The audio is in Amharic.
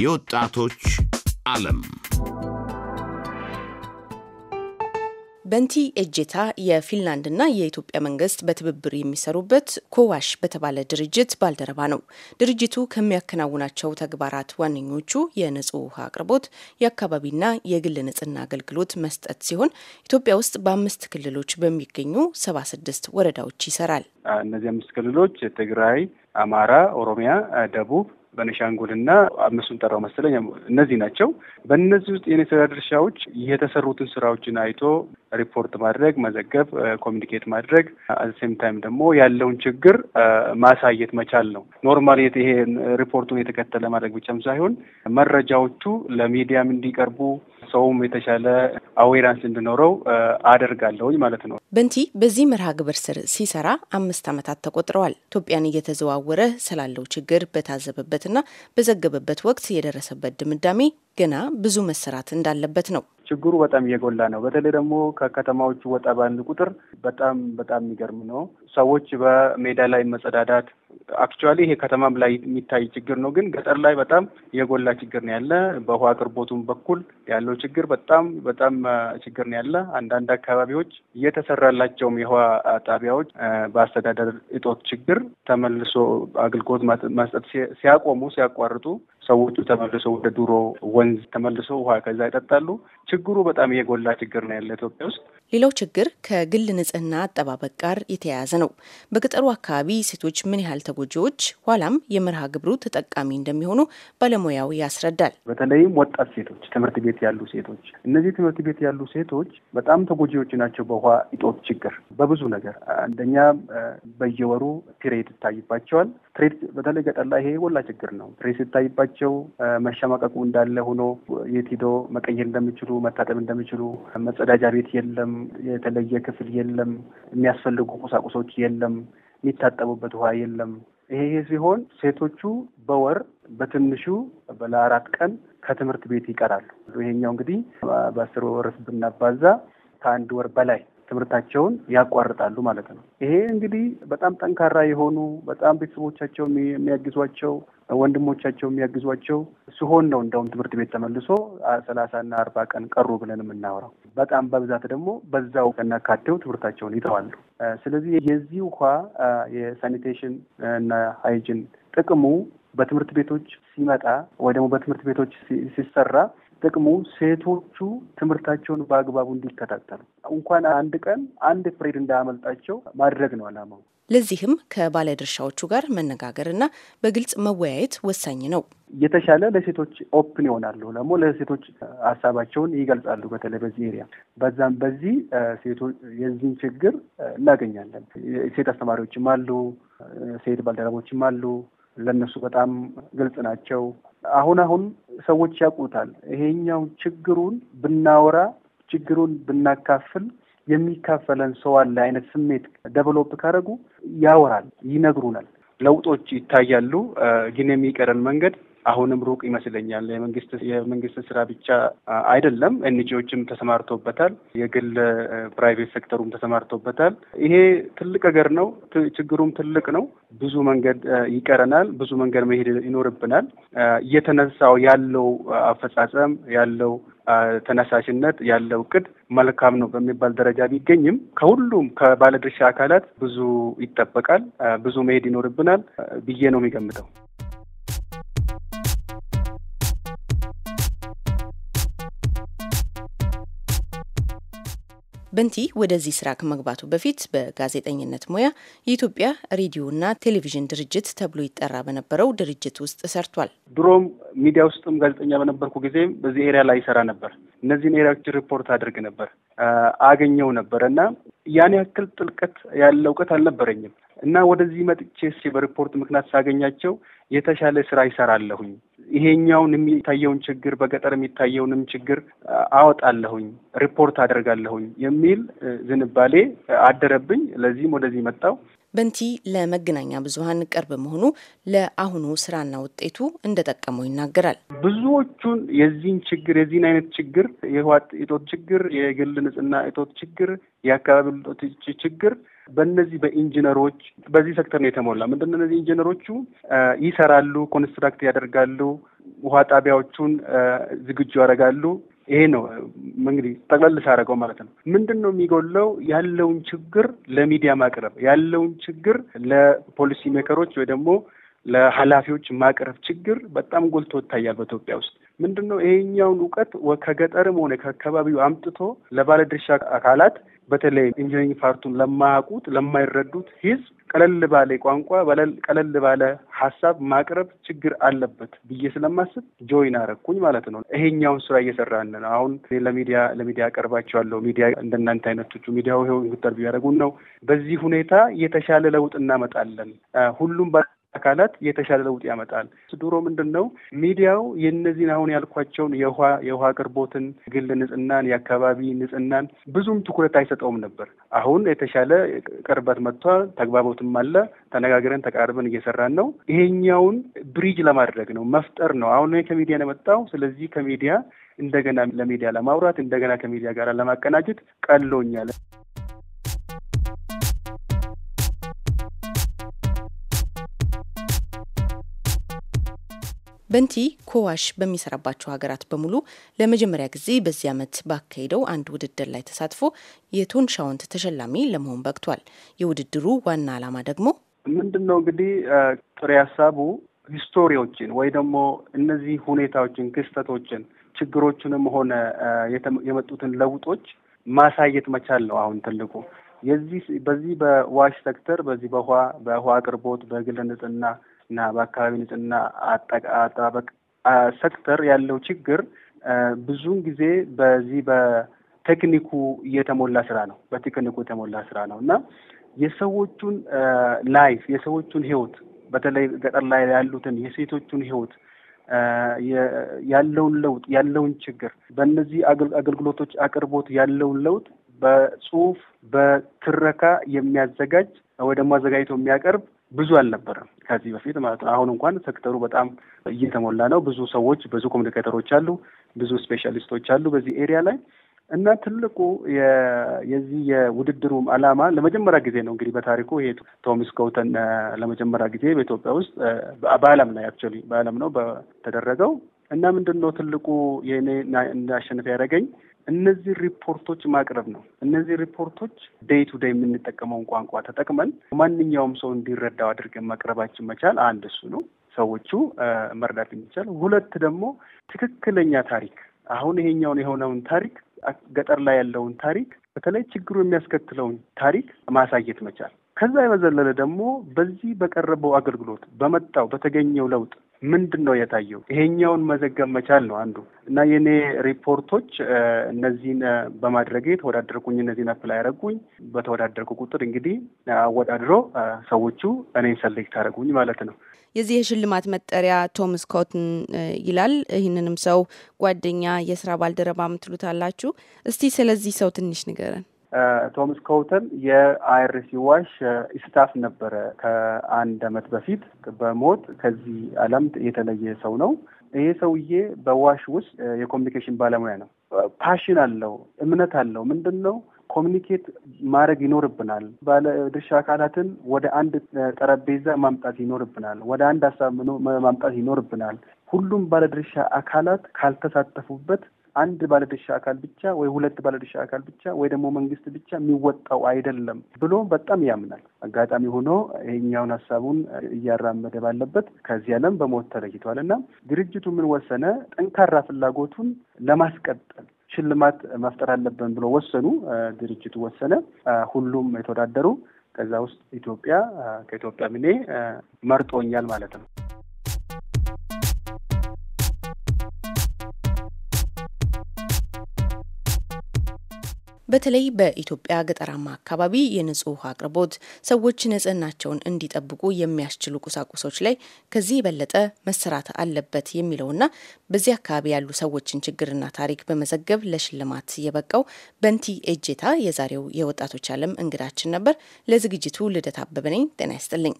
የወጣቶች ዓለም በንቲ ኤጄታ የፊንላንድና የኢትዮጵያ መንግስት በትብብር የሚሰሩበት ኮዋሽ በተባለ ድርጅት ባልደረባ ነው። ድርጅቱ ከሚያከናውናቸው ተግባራት ዋነኞቹ የንጹህ ውሃ አቅርቦት፣ የአካባቢና የግል ንጽህና አገልግሎት መስጠት ሲሆን ኢትዮጵያ ውስጥ በአምስት ክልሎች በሚገኙ ሰባ ስድስት ወረዳዎች ይሰራል። እነዚህ አምስት ክልሎች ትግራይ፣ አማራ፣ ኦሮሚያ፣ ደቡብ በነሻንጉልና አምስቱን ጠራው መሰለኝ እነዚህ ናቸው። በእነዚህ ውስጥ የኔ ስራ ድርሻዎች የተሰሩትን ስራዎችን አይቶ ሪፖርት ማድረግ፣ መዘገብ፣ ኮሚኒኬት ማድረግ አሴም ታይም ደግሞ ያለውን ችግር ማሳየት መቻል ነው። ኖርማል ይሄ ሪፖርቱን የተከተለ ማድረግ ብቻም ሳይሆን መረጃዎቹ ለሚዲያም እንዲቀርቡ ሰውም የተሻለ አዌራንስ እንዲኖረው አደርጋለሁኝ ማለት ነው። በንቲ በዚህ መርሃ ግብር ስር ሲሰራ አምስት ዓመታት ተቆጥረዋል። ኢትዮጵያን እየተዘዋወረ ስላለው ችግር በታዘበበትና በዘገበበት ወቅት የደረሰበት ድምዳሜ ገና ብዙ መሰራት እንዳለበት ነው። ችግሩ በጣም እየጎላ ነው። በተለይ ደግሞ ከከተማዎቹ ወጣ ባንድ ቁጥር በጣም በጣም የሚገርም ነው። ሰዎች በሜዳ ላይ መጸዳዳት አክቹዋሊ ይሄ ከተማም ላይ የሚታይ ችግር ነው፣ ግን ገጠር ላይ በጣም የጎላ ችግር ነው ያለ። በውሃ አቅርቦቱም በኩል ያለው ችግር በጣም በጣም ችግር ነው ያለ። አንዳንድ አካባቢዎች እየተሰራላቸውም የውሃ ጣቢያዎች በአስተዳደር እጦት ችግር ተመልሶ አገልግሎት መስጠት ሲያቆሙ ሲያቋርጡ ሰዎቹ ተመልሰው ወደ ድሮ ወንዝ ተመልሰው ውሃ ከዛ ይጠጣሉ። ችግሩ በጣም የጎላ ችግር ነው ያለ ኢትዮጵያ ውስጥ። ሌላው ችግር ከግል ንጽህና አጠባበቅ ጋር የተያያዘ ነው። በገጠሩ አካባቢ ሴቶች ምን ያህል ተጎጂዎች ኋላም የመርሃ ግብሩ ተጠቃሚ እንደሚሆኑ ባለሙያው ያስረዳል። በተለይም ወጣት ሴቶች፣ ትምህርት ቤት ያሉ ሴቶች፣ እነዚህ ትምህርት ቤት ያሉ ሴቶች በጣም ተጎጂዎች ናቸው በውሃ እጦት ችግር በብዙ ነገር። አንደኛ በየወሩ ትሬት ይታይባቸዋል። ትሬት በተለይ ገጠር ላይ ይሄ የጎላ ችግር ነው። ትሬት ይታይባቸ ሲያስፈልጋቸው መሸማቀቁ እንዳለ ሆኖ የት ሂዶ መቀየር እንደሚችሉ መታጠብ እንደሚችሉ መጸዳጃ ቤት የለም፣ የተለየ ክፍል የለም፣ የሚያስፈልጉ ቁሳቁሶች የለም፣ የሚታጠቡበት ውሃ የለም። ይሄ ሲሆን ሴቶቹ በወር በትንሹ ለአራት ቀን ከትምህርት ቤት ይቀራሉ። ይሄኛው እንግዲህ በአስር ወር ብናባዛ ከአንድ ወር በላይ ትምህርታቸውን ያቋርጣሉ ማለት ነው። ይሄ እንግዲህ በጣም ጠንካራ የሆኑ በጣም ቤተሰቦቻቸው የሚያግዟቸው ወንድሞቻቸው የሚያግዟቸው ሲሆን ነው እንደውም ትምህርት ቤት ተመልሶ እና አርባ ቀን ቀሩ ብለን የምናወራው። በጣም በብዛት ደግሞ በዛው ከናካቴው ትምህርታቸውን ይተዋሉ። ስለዚህ የዚህ ውሃ የሳኒቴሽን እና ሃይጅን ጥቅሙ በትምህርት ቤቶች ሲመጣ ወይ ደግሞ በትምህርት ቤቶች ሲሰራ ጥቅሙ ሴቶቹ ትምህርታቸውን በአግባቡ እንዲከታተሉ እንኳን አንድ ቀን አንድ ፍሬድ እንዳያመልጣቸው ማድረግ ነው አላማው። ለዚህም ከባለድርሻዎቹ ጋር መነጋገርና በግልጽ መወያየት ወሳኝ ነው። የተሻለ ለሴቶች ኦፕን ይሆናሉ፣ ደግሞ ለሴቶች ሀሳባቸውን ይገልጻሉ። በተለይ በዚህ ኤሪያ በዛም በዚህ ሴቶች የዚህን ችግር እናገኛለን። ሴት አስተማሪዎችም አሉ፣ ሴት ባልደረቦችም አሉ። ለእነሱ በጣም ግልጽ ናቸው። አሁን አሁን ሰዎች ያውቁታል። ይሄኛው ችግሩን ብናወራ ችግሩን ብናካፍል የሚካፈለን ሰው አለ አይነት ስሜት ደቨሎፕ ካደረጉ ያወራል፣ ይነግሩናል፣ ለውጦች ይታያሉ። ግን የሚቀረን መንገድ አሁንም ሩቅ ይመስለኛል። የመንግስት የመንግስት ስራ ብቻ አይደለም፣ ኤንጂዎችም ተሰማርቶበታል፣ የግል ፕራይቬት ሴክተሩም ተሰማርቶበታል። ይሄ ትልቅ ነገር ነው፣ ችግሩም ትልቅ ነው። ብዙ መንገድ ይቀረናል፣ ብዙ መንገድ መሄድ ይኖርብናል። እየተነሳው ያለው አፈጻጸም ያለው ተነሳሽነት ያለው እቅድ መልካም ነው በሚባል ደረጃ ቢገኝም ከሁሉም ከባለድርሻ አካላት ብዙ ይጠበቃል፣ ብዙ መሄድ ይኖርብናል ብዬ ነው የሚገምተው። በንቲ ወደዚህ ስራ ከመግባቱ በፊት በጋዜጠኝነት ሙያ የኢትዮጵያ ሬዲዮና ቴሌቪዥን ድርጅት ተብሎ ይጠራ በነበረው ድርጅት ውስጥ ሰርቷል። ድሮም ሚዲያ ውስጥም ጋዜጠኛ በነበርኩ ጊዜም በዚህ ኤሪያ ላይ ይሰራ ነበር። እነዚህን ኤሪያዎች ሪፖርት አድርግ ነበር፣ አገኘው ነበር እና ያን ያክል ጥልቀት ያለ እውቀት አልነበረኝም እና ወደዚህ መጥቼ በሪፖርት ምክንያት ሳገኛቸው የተሻለ ስራ ይሰራለሁኝ፣ ይሄኛውን የሚታየውን ችግር በገጠር የሚታየውንም ችግር አወጣለሁኝ፣ ሪፖርት አደርጋለሁኝ የሚል ዝንባሌ አደረብኝ። ለዚህም ወደዚህ መጣው። በንቲ ለመገናኛ ብዙኃን ቅርብ መሆኑ ለአሁኑ ስራና ውጤቱ እንደጠቀመው ይናገራል። ብዙዎቹን የዚህን ችግር የዚህን አይነት ችግር የህዋት እጦት ችግር፣ የግል ንጽህና እጦት ችግር፣ የአካባቢ እጦት ችግር በእነዚህ በኢንጂነሮች በዚህ ሴክተር ነው የተሞላ። ምንድነው እነዚህ ኢንጂነሮቹ ይሰራሉ፣ ኮንስትራክት ያደርጋሉ፣ ውሃ ጣቢያዎቹን ዝግጁ ያደርጋሉ፣ ይሄ ነው እንግዲህ ጠቅለል ሳደርገው ማለት ነው። ምንድን ነው የሚጎለው? ያለውን ችግር ለሚዲያ ማቅረብ፣ ያለውን ችግር ለፖሊሲ ሜከሮች ወይ ደግሞ ለኃላፊዎች ማቅረብ ችግር በጣም ጎልቶ ይታያል በኢትዮጵያ ውስጥ። ምንድን ነው ይሄኛውን እውቀት ከገጠርም ሆነ ከአካባቢው አምጥቶ ለባለድርሻ አካላት በተለይ ኢንጂኒሪንግ ፓርቱን ለማያውቁት ለማይረዱት ህዝብ ቀለል ባለ ቋንቋ ቀለል ባለ ሀሳብ ማቅረብ ችግር አለበት ብዬ ስለማስብ ጆይን አረኩኝ ማለት ነው። ይሄኛውን ስራ እየሰራን ነው። አሁን ለሚዲያ ለሚዲያ አቀርባቸዋለሁ። ሚዲያ እንደናንተ አይነቶቹ ሚዲያው ይኸው ኢንተርቪው ያደረጉን ነው። በዚህ ሁኔታ የተሻለ ለውጥ እናመጣለን ሁሉም አካላት የተሻለ ለውጥ ያመጣል። ድሮ ምንድን ነው ሚዲያው የእነዚህን አሁን ያልኳቸውን የውሃ የውሃ አቅርቦትን፣ ግል ንጽህናን፣ የአካባቢ ንጽህናን ብዙም ትኩረት አይሰጠውም ነበር። አሁን የተሻለ ቅርበት መጥቷል። ተግባቦትም አለ። ተነጋግረን ተቃርበን እየሰራን ነው። ይሄኛውን ብሪጅ ለማድረግ ነው መፍጠር ነው። አሁን ከሚዲያ ነው የመጣው። ስለዚህ ከሚዲያ እንደገና ለሚዲያ ለማውራት እንደገና ከሚዲያ ጋር ለማቀናጀት ቀሎኛል። በንቲ ኮዋሽ በሚሰራባቸው ሀገራት በሙሉ ለመጀመሪያ ጊዜ በዚህ ዓመት ባካሄደው አንድ ውድድር ላይ ተሳትፎ የቶን ሻውንት ተሸላሚ ለመሆን በቅቷል። የውድድሩ ዋና ዓላማ ደግሞ ምንድን ነው? እንግዲህ ጥሬ ሀሳቡ ሂስቶሪዎችን ወይ ደግሞ እነዚህ ሁኔታዎችን፣ ክስተቶችን፣ ችግሮችንም ሆነ የመጡትን ለውጦች ማሳየት መቻል ነው። አሁን ትልቁ የዚህ በዚህ በዋሽ ሴክተር በዚህ በውሃ በውሃ አቅርቦት፣ በግል ንጽህና፣ እና በአካባቢ ንጽህና አጠባበቅ ሴክተር ያለው ችግር ብዙውን ጊዜ በዚህ በቴክኒኩ የተሞላ ስራ ነው። በቴክኒኩ የተሞላ ስራ ነው እና የሰዎቹን ላይፍ የሰዎቹን ህይወት በተለይ ገጠር ላይ ያሉትን የሴቶቹን ህይወት ያለውን ለውጥ ያለውን ችግር በእነዚህ አገልግሎቶች አቅርቦት ያለውን ለውጥ በጽሁፍ በትረካ የሚያዘጋጅ ወይ ደግሞ አዘጋጅቶ የሚያቀርብ ብዙ አልነበረም ከዚህ በፊት ማለት ነው። አሁን እንኳን ሴክተሩ በጣም እየተሞላ ነው። ብዙ ሰዎች፣ ብዙ ኮሚኒኬተሮች አሉ፣ ብዙ ስፔሻሊስቶች አሉ በዚህ ኤሪያ ላይ እና ትልቁ የዚህ የውድድሩም ዓላማ ለመጀመሪያ ጊዜ ነው እንግዲህ በታሪኩ ይሄ ቶሚስ ኮውተን ለመጀመሪያ ጊዜ በኢትዮጵያ ውስጥ በዓለም ላይ አክቹዋሊ በዓለም ነው በተደረገው እና ምንድን ነው ትልቁ የእኔ እንዳሸንፍ ያደረገኝ እነዚህ ሪፖርቶች ማቅረብ ነው። እነዚህ ሪፖርቶች ዴይ ቱ ዴይ የምንጠቀመውን ቋንቋ ተጠቅመን ማንኛውም ሰው እንዲረዳው አድርገን ማቅረባችን መቻል አንድ እሱ ነው፣ ሰዎቹ መርዳት የሚቻል ሁለት ደግሞ ትክክለኛ ታሪክ አሁን ይሄኛውን የሆነውን ታሪክ ገጠር ላይ ያለውን ታሪክ በተለይ ችግሩ የሚያስከትለውን ታሪክ ማሳየት መቻል። ከዛ የበዘለለ ደግሞ በዚህ በቀረበው አገልግሎት በመጣው በተገኘው ለውጥ ምንድን ነው የታየው? ይሄኛውን መዘገብ መቻል ነው አንዱ እና የኔ ሪፖርቶች እነዚህን በማድረጌ ተወዳደርኩኝ፣ እነዚህን አፕላይ ያደረጉኝ በተወዳደርኩ ቁጥር እንግዲህ አወዳድሮ ሰዎቹ እኔን ሰሌክት አደረጉኝ ማለት ነው። የዚህ የሽልማት መጠሪያ ቶምስ ኮትን ይላል። ይህንንም ሰው ጓደኛ፣ የስራ ባልደረባ ምትሉት አላችሁ። እስቲ ስለዚህ ሰው ትንሽ ንገረን። ቶምስ ኮውተን የአይርሲ ዋሽ ስታፍ ነበረ ከአንድ አመት በፊት በሞት ከዚህ ዓለም የተለየ ሰው ነው። ይሄ ሰውዬ በዋሽ ውስጥ የኮሚኒኬሽን ባለሙያ ነው። ፓሽን አለው፣ እምነት አለው። ምንድን ነው ኮሚኒኬት ማድረግ ይኖርብናል። ባለድርሻ አካላትን ወደ አንድ ጠረጴዛ ማምጣት ይኖርብናል። ወደ አንድ ሀሳብ ማምጣት ይኖርብናል። ሁሉም ባለድርሻ አካላት ካልተሳተፉበት አንድ ባለድርሻ አካል ብቻ ወይ ሁለት ባለድርሻ አካል ብቻ ወይ ደግሞ መንግስት ብቻ የሚወጣው አይደለም ብሎ በጣም ያምናል። አጋጣሚ ሆኖ ይሄኛውን ሀሳቡን እያራመደ ባለበት ከዚህ ዓለም በሞት ተለይቷል እና ድርጅቱ ምን ወሰነ? ጠንካራ ፍላጎቱን ለማስቀጠል ሽልማት መፍጠር አለብን ብሎ ወሰኑ። ድርጅቱ ወሰነ። ሁሉም የተወዳደሩ ከዛ ውስጥ ኢትዮጵያ ከኢትዮጵያ ምኔ መርጦኛል ማለት ነው። በተለይ በኢትዮጵያ ገጠራማ አካባቢ የንጹህ ውሃ አቅርቦት፣ ሰዎች ንጽህናቸውን እንዲጠብቁ የሚያስችሉ ቁሳቁሶች ላይ ከዚህ የበለጠ መሰራት አለበት የሚለውና በዚህ አካባቢ ያሉ ሰዎችን ችግርና ታሪክ በመዘገብ ለሽልማት የበቃው በንቲ ኤጄታ የዛሬው የወጣቶች ዓለም እንግዳችን ነበር። ለዝግጅቱ ልደት አበበ ነኝ። ጤና ይስጥልኝ።